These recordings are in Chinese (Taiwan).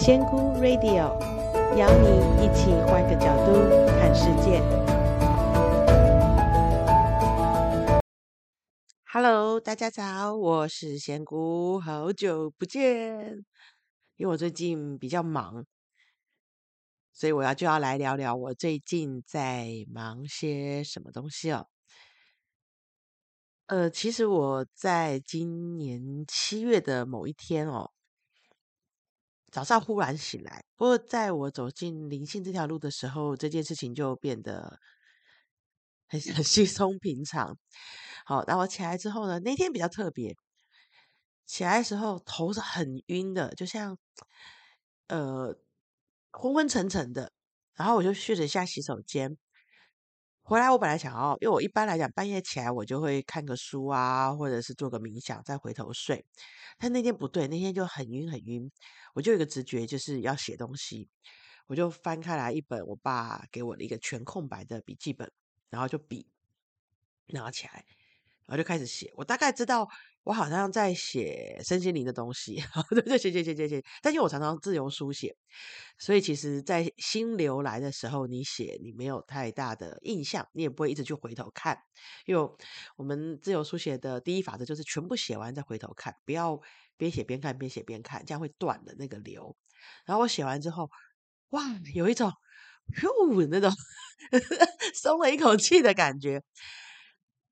仙姑 Radio 邀你一起換個角度看世界。Hello，大家早，我是仙姑，好久不見。因為我最近比較忙，所以我要就要來聊聊我最近在忙些什麼東西哦。呃，其實我在今年七月的某一天哦，早上忽然醒來，不過在我走進靈性這條路的時候，這件事情就變得很很稀鬆平常。好，然後我起來之後呢，那天比較特別，起來的時候頭是很暈的，就像呃昏昏沉沉的。然後我就去了一下洗手間。回來，我本來想要，因為我一般來講半夜起來，我就會看個書啊，或者是做個冥想，再回頭睡。但那天不對，那天就很暈很暈，我就有一個直覺就是要寫東西，我就翻開來一本我爸給我的一個全空白的筆記本，然後就筆拿起來。我就開始寫，我大概知道，我好像在寫身心靈的東西， 對對，寫寫寫寫寫。但是，我常常自由書寫，所以其實，在心流來的時候，你寫你沒有太大的印象，你也不會一直去回頭看，因為我們自由書寫的第一法則就是全部寫完再回頭看，不要邊寫邊看，邊寫邊看，這樣會斷的那個流。然後我寫完之後，哇，有一種呦，那種 鬆了一口氣的感覺。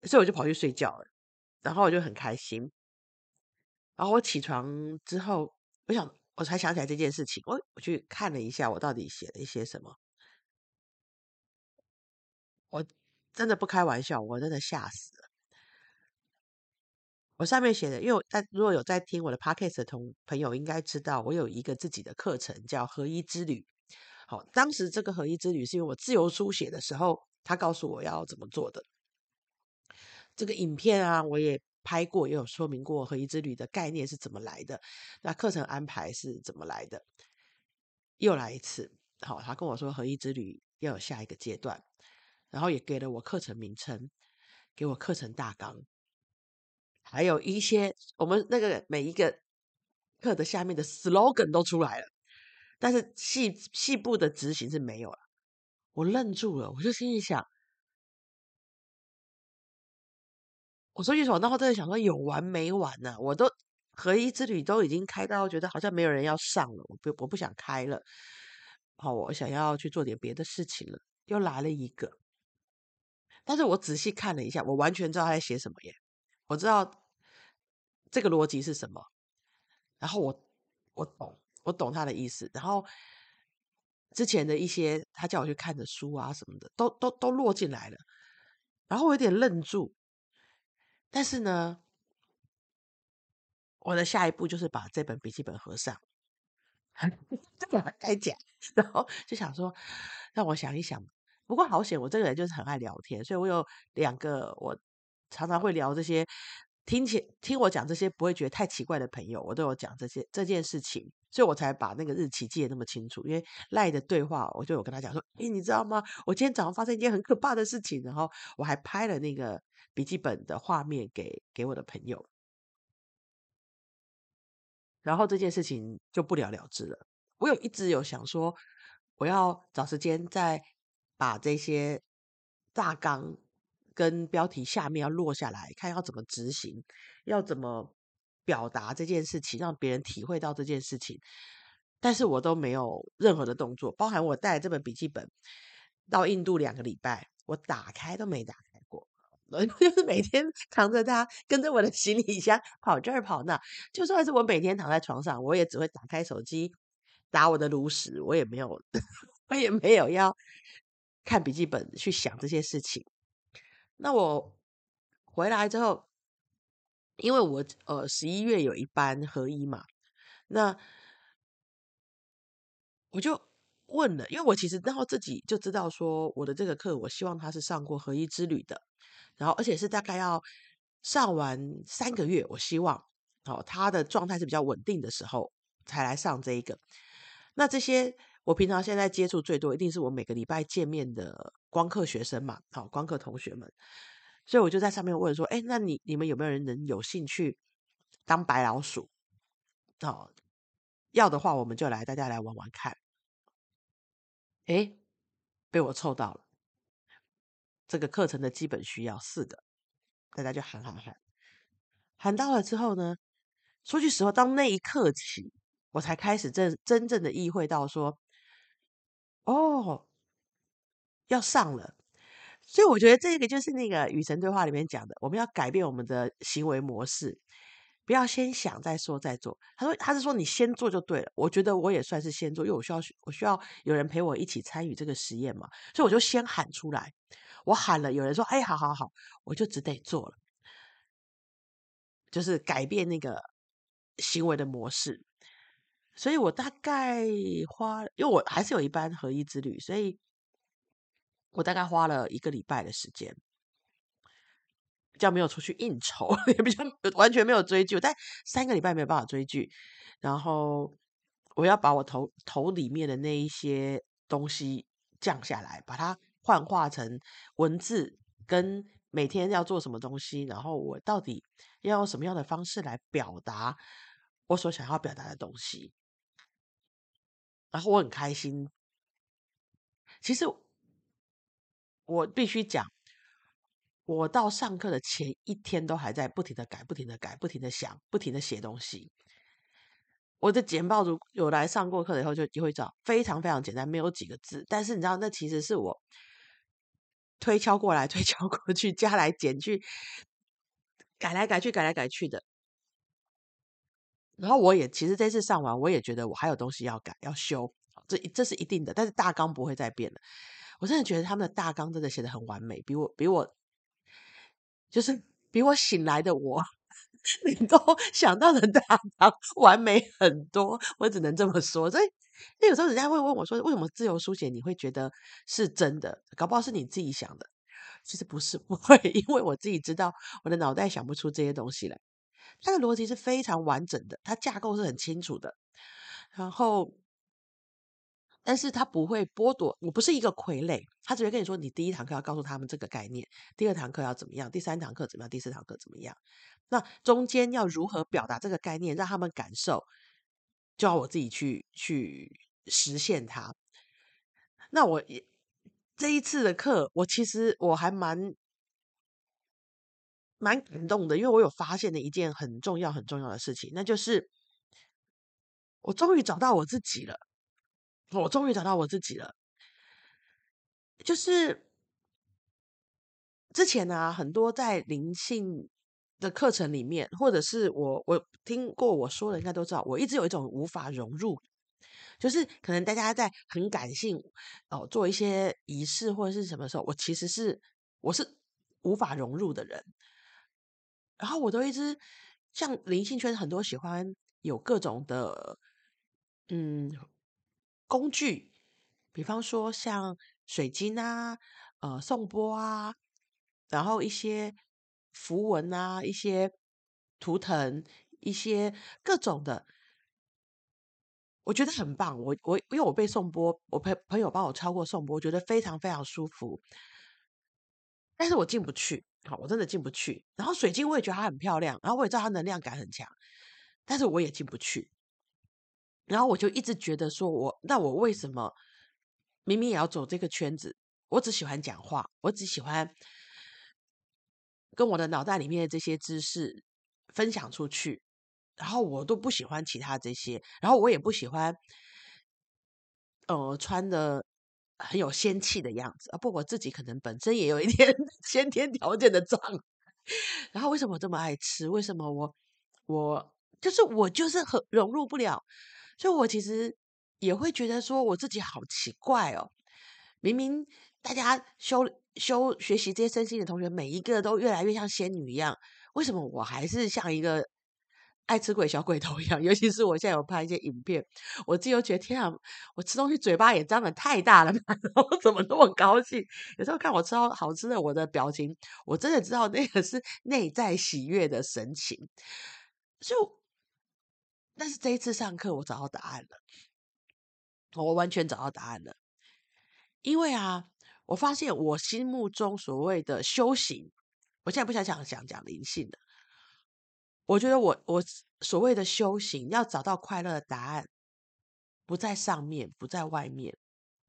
所以我就跑去睡覺了，然後我就很開心。然後我起床之後，我想，我才想起來這件事情。我我去看了一下，我到底寫了一些什麼。我真的不開玩笑，我真的嚇死了。我上面寫的，因為我如果有在聽我的 podcast 的同朋友，應該知道我有一個自己的課程叫合一之旅。好、哦，當時這個合一之旅是因為我自由書寫的時候，他告訴我要怎麼做的。這個影片啊，我也拍過，也有說明過合一之旅的概念是怎麼來的，那課程安排是怎麼來的？又來一次，好、哦，他跟我說合一之旅要有下一個階段，然後也給了我課程名稱，給我課程大綱，還有一些我們那個每一個課的下面的 slogan 都出來了，但是細細部的執行是沒有了，我愣住了，我就心裡想，我說句實話，然後真的想說有完沒完呢、啊？我都合一之旅都已經開到，覺得好像沒有人要上了，我不我不想開了。好，我想要去做點別的事情了。又來了一個，但是我仔細看了一下，我完全知道他在寫什麼耶！我知道這個邏輯是什麼，然後我我懂，我懂他的意思。然後之前的一些他叫我去看的書啊什麼的，都都都落進來了。然後我有點愣住。但是呢，我的下一步就是把這本筆記本合上，這 個該講，然後就想說，讓我想一想。不過好險，我這個人就是很愛聊天，所以我有兩個我常常會聊這些，聽起聽我講這些不會覺得太奇怪的朋友，我都有講這些這件事情。所以我才把那個日期記得那麼清楚，因為賴的對話，我就有跟他講說：“誒、欸、你知道嗎？我今天早上發生一件很可怕的事情，然後我還拍了那個筆記本的畫面給給我的朋友，然後這件事情就不了了之了。我有一直有想說，我要找時間再把這些大綱跟標題下面要落下來，看要怎麼執行，要怎麼。”表達這件事情，讓別人體會到這件事情，但是我都沒有任何的動作，包含我帶這本筆記本到印度兩個禮拜，我打開都沒打開過，我就是每天扛着它，跟着我的行李箱跑這兒跑那兒，就算是我每天躺在床上，我也只會打開手機打我的爐石，我也沒有， 我也沒有要看筆記本去想這些事情。那我回來之後。因為我呃十一月有一班合一嘛，那我就問了，因為我其實然後自己就知道說我的這個課，我希望他是上過合一之旅的，然後而且是大概要上完三個月，我希望哦他的狀態是比較穩定的時候才來上這一個。那這些我平常現在接觸最多，一定是我每個禮拜見面的光課學生嘛，好、哦、光課同學們。所以我就在上面問說：“哎，那你你們有沒有人能有興趣當白老鼠？哦，要的話我們就來，大家來玩玩看。”哎，被我湊到了。這個課程的基本需要四個，大家就喊喊喊喊到了之後呢，說句實話，當那一刻起，我才開始真真正的意會到說：“哦，要上了。”所以我覺得這個就是那個《與神對話》裡面講的，我們要改變我們的行為模式，不要先想再說再做。他說，他是說你先做就對了。我覺得我也算是先做，因為我需要我需要有人陪我一起參與這個實驗嘛，所以我就先喊出來。我喊了，有人說：“哎，好好好！”我就只得做了，就是改變那個行為的模式。所以，我大概花，因為我還是有一班合一之旅，所以。我大概花了一個禮拜的時間，比較沒有出去應酬，也比較完全沒有追劇。但三個禮拜沒有辦法追劇，然後我要把我頭頭裡面的那一些東西降下來，把它幻化成文字，跟每天要做什麼東西，然後我到底要用什麼樣的方式來表達我所想要表達的東西。然後我很開心，其實。我必須講，我到上課的前一天都還在不停的改，不停的改，不停的想，不停的寫東西。我的簡報如果有來上過課的以後就，就會知道非常非常簡單，沒有幾個字。但是你知道，那其實是我推敲過來，推敲過去，加來減去，改來改去，改來改去的。然後我也其實這次上完，我也覺得我還有東西要改、要修，這這是一定的。但是大綱不會再變了。我真的覺得他們的大綱真的寫得很完美，比我比我就是比我醒來的我， 你都想到的大綱完美很多，我只能這麼說。所以，那有時候人家會問我說，為什麼自由書寫你會覺得是真的？搞不好是你自己想的。其實不是，不會，因為我自己知道，我的腦袋想不出這些東西來。它的邏輯是非常完整的，它架構是很清楚的，然後。但是他不會剝奪，我不是一個傀儡。他只會跟你說，你第一堂課要告訴他們這個概念，第二堂課要怎麼樣，第三堂課怎麼樣，第四堂課怎麼樣。那中間要如何表達這個概念，讓他們感受，就要我自己去去實現它。那我也這一次的課，我其實我還蠻蠻感動的，因為我有發現了一件很重要很重要的事情，那就是我終於找到我自己了。我終於找到我自己了，就是之前呢、啊，很多在靈性的課程裡面，或者是我我聽過我說的，應該都知道，我一直有一種無法融入，就是可能大家在很感性哦，做一些儀式或者是什麼時候，我其實是我是無法融入的人，然後我都一直像靈性圈很多喜歡有各種的，嗯。工具，比方說像水晶啊、呃，頌缽啊，然後一些符文啊、一些圖騰、一些各種的，我覺得很棒。我我因為我被頌缽，我朋朋友幫我抄過頌缽，我覺得非常非常舒服。但是我進不去，好，我真的進不去。然後水晶我也覺得它很漂亮，然後我也知道它能量感很強，但是我也進不去。然後我就一直覺得說我，我那我為什麼明明也要走這個圈子？我只喜歡講話，我只喜歡跟我的腦袋裡面的這些知識分享出去。然後我都不喜歡其他這些，然後我也不喜歡，呃，穿的很有仙氣的樣子。啊，不，我自己可能本身也有一點先天條件的壯。然後為什麼我這麼愛吃？為什麼我我就是我就是很融入不了？所以，我其實也會覺得說，我自己好奇怪哦。明明大家修修學習這些身心的同學，每一個都越來越像仙女一樣，為什麼我還是像一個愛吃鬼小鬼頭一樣？尤其是我現在有拍一些影片，我自己又覺得天啊，我吃東西嘴巴也張得太大了嘛，我怎麼那麼高興？有時候看我吃到好吃的，我的表情，我真的知道那個是內在喜悅的神情。就。但是這一次上課，我找到答案了。我完全找到答案了，因為啊，我發現我心目中所謂的修行，我現在不想講講講靈性的。我覺得我我所謂的修行，要找到快樂的答案，不在上面，不在外面，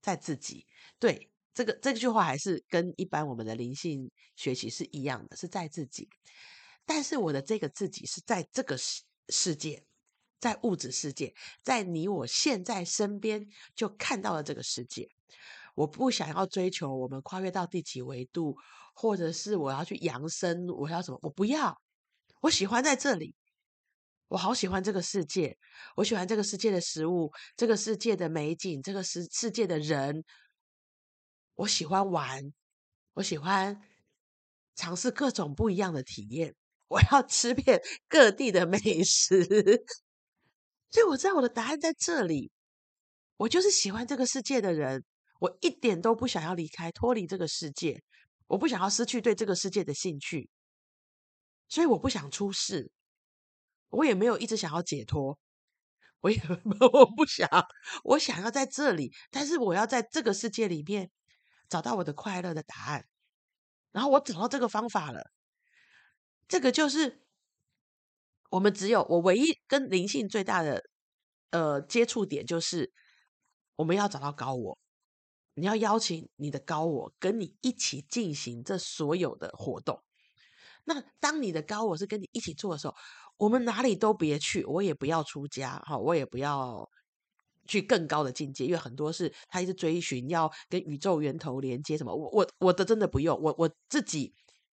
在自己。對，這個這個、句話還是跟一般我們的靈性學習是一樣的，是在自己。但是我的這個自己是在這個世世界。在物質世界，在你我現在身邊，就看到了這個世界。我不想要追求我們跨越到第幾維度，或者是我要去揚升，我要什麼？我不要。我喜歡在這裡，我好喜歡這個世界。我喜歡這個世界的食物，這個世界的美景，這個世世界的人。我喜歡玩，我喜歡嘗試各種不一樣的體驗。我要吃遍各地的美食。所以我知道我的答案在這裡，我就是喜歡這個世界的人，我一點都不想要離開脫離這個世界，我不想要失去對這個世界的興趣，所以我不想出世，我也沒有一直想要解脫，我也我不想，我想要在這裡，但是我要在這個世界裡面找到我的快樂的答案，然後我找到這個方法了，這個就是。我們只有我唯一跟靈性最大的呃接觸點，就是我們要找到高我。你要邀請你的高我跟你一起進行這所有的活動。那當你的高我是跟你一起做的時候，我們哪裡都別去，我也不要出家哈、哦，我也不要去更高的境界，因為很多事他一直追尋要跟宇宙源頭連接什麼，我我我的真的不用，我我自己，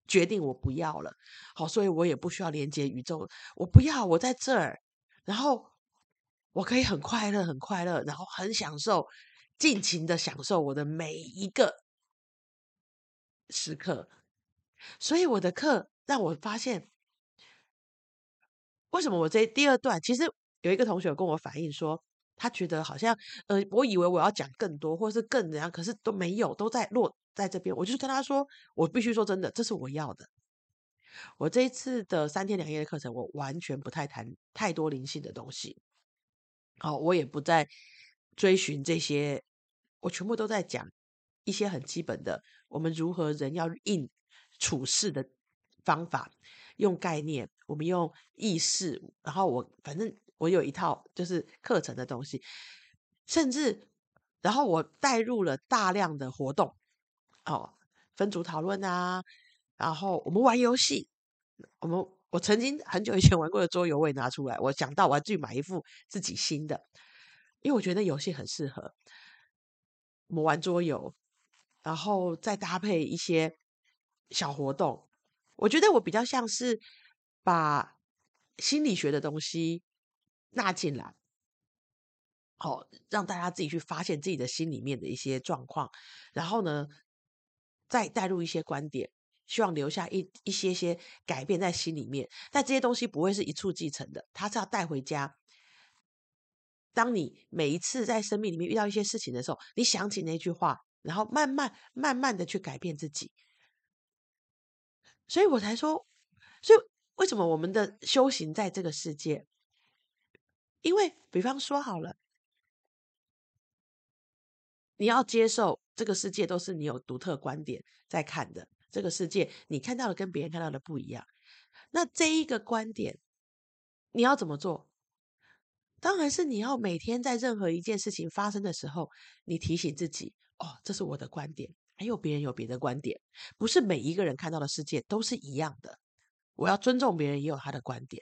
決定我不要了，好，所以我也不需要連接宇宙。我不要，我在這兒，然後我可以很快樂，很快樂，然後很享受，盡情的享受我的每一個時刻。所以我的課讓我發現，為什麼我這第二段，其實有一個同學有跟我反映說，他覺得好像，呃，我以為我要講更多，或是更怎樣，可是都沒有，都在落。在這邊，我就是跟他說：“我必須說真的，這是我要的。我這一次的三天兩夜的課程，我完全不太談太多靈性的東西。好、哦，我也不再追尋這些。我全部都在講一些很基本的，我們如何人要應處事的方法。用概念，我們用意識。然後我反正我有一套就是課程的東西，甚至然後我帶入了大量的活動。”哦，分組討論啊，然後我們玩遊戲。我們我曾經很久以前玩過的桌遊，我也拿出來。我想到我要去買一副自己新的，因為我覺得遊戲很適合。我們玩桌遊，然後再搭配一些小活動。我覺得我比較像是把心理學的東西納進來，好，哦，讓大家自己去發現自己的心裡面的一些狀況。然後呢，再帶入一些觀點，希望留下一一些些改變在心裡面。但這些東西不會是一蹴即成的，它是要帶回家。當你每一次在生命裡面遇到一些事情的時候，你想起那句話，然後慢慢慢慢的去改變自己。所以我才說，所以為什麼我們的修行在這個世界？因為，比方說好了，你要接受。這個世界都是你有獨特觀點在看的。這個世界你看到的跟別人看到的不一樣，那這一個觀點你要怎麼做？當然是你要每天在任何一件事情發生的時候，你提醒自己：哦，這是我的觀點，還有別人有別的觀點，不是每一個人看到的世界都是一樣的。我要尊重別人也有他的觀點。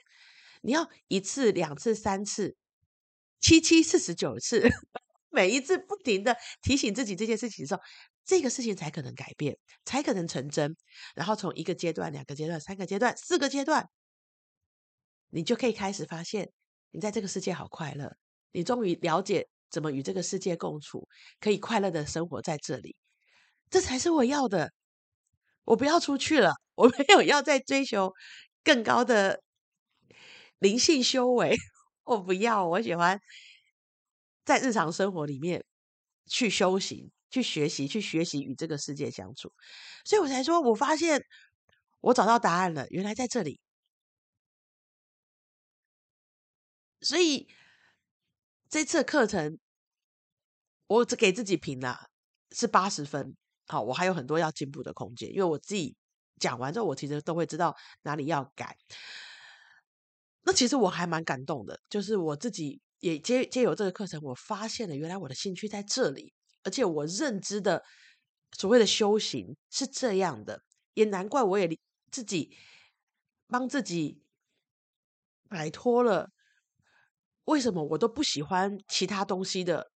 你要一次、兩次、三次、七七四十九次。每一次不停的提醒自己這件事情的時候，這個事情才可能改變，才可能成真。然後從一個階段、兩個階段、三個階段、四個階段，你就可以開始發現，你在這個世界好快樂。你終於了解怎麼與這個世界共處，可以快樂的生活在這裡。這才是我要的。我不要出去了，我沒有要再追求更高的靈性修為。我不要，我喜歡。在日常生活裡面去修行，去學習，去學習與這個世界相處，所以我才說，我發現我找到答案了，原來在這裡。所以這次課程，我只給自己評了是八十分，好，我還有很多要進步的空間，因為我自己講完之後，我其實都會知道哪裡要改。那其實我還蠻感動的，就是我自己。也接接有這個課程，我發現了，原來我的興趣在這裡，而且我認知的所謂的修行是這樣的，也難怪我也自己幫自己擺脫了為什麼我都不喜歡其他東西的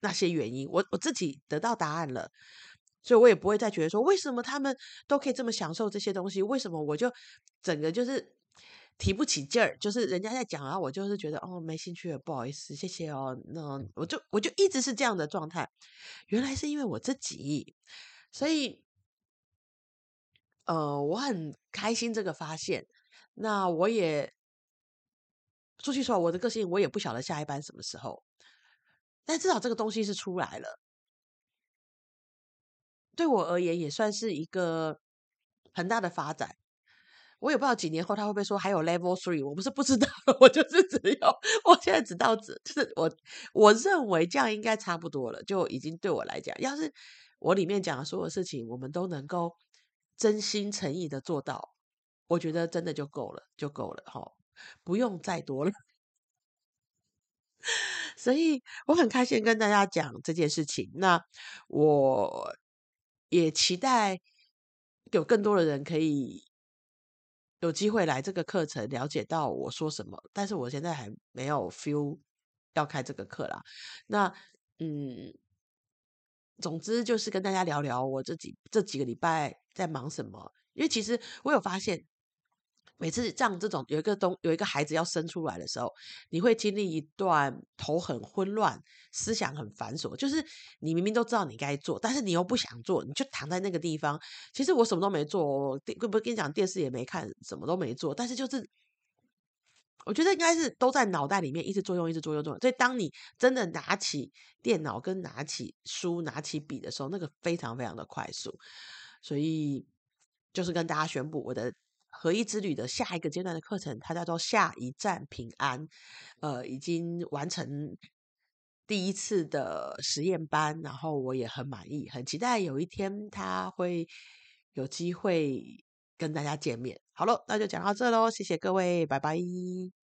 那些原因，我我自己得到答案了，所以我也不會再覺得說，為什麼他們都可以這麼享受這些東西，為什麼我就整個就是。提不起勁兒，就是人家在講啊，我就是覺得哦，沒興趣，不好意思，謝謝哦。那我就我就一直是這樣的狀態，原來是因為我自己，所以呃我很開心這個發現。那我也，去說句實話，我的個性我也不曉得下一班什麼時候，但至少這個東西是出來了，對我而言也算是一個很大的發展。我也不知道幾年後他會不會說還有 Level Three。我不是不知道，我就是只有我現在只到只，只就是我我認為這樣應該差不多了，就已經對我來講，要是我裡面講的所有事情我們都能夠真心誠意的做到，我覺得真的就夠了，就夠了哈、哦，不用再多了。所以我很開心跟大家講這件事情，那我也期待有更多的人可以，有機會來這個課程，了解到我說什麼，但是我現在還沒有 feel 要開這個課啦。那嗯，總之就是跟大家聊聊我這幾這幾個禮拜在忙什麼，因為其實我有發現。每次像這，這種有一個東有一個孩子要生出來的時候，你會經歷一段頭很混亂、思想很繁瑣。就是你明明都知道你該做，但是你又不想做，你就躺在那個地方。其實我什麼都沒做，不不跟你講電視也沒看，什麼都沒做。但是就是我覺得應該是都在腦袋裡面一直作用、一直作用、作用。所以當你真的拿起電腦、跟拿起書、拿起筆的時候，那個非常非常的快速。所以就是跟大家宣布我的。合一之旅的下一個階段的課程，它叫做下一站平安，呃，已經完成第一次的實驗班，然後我也很滿意，很期待有一天他會有機會跟大家見面。好囉，那就講到這嘍，謝謝各位，拜拜。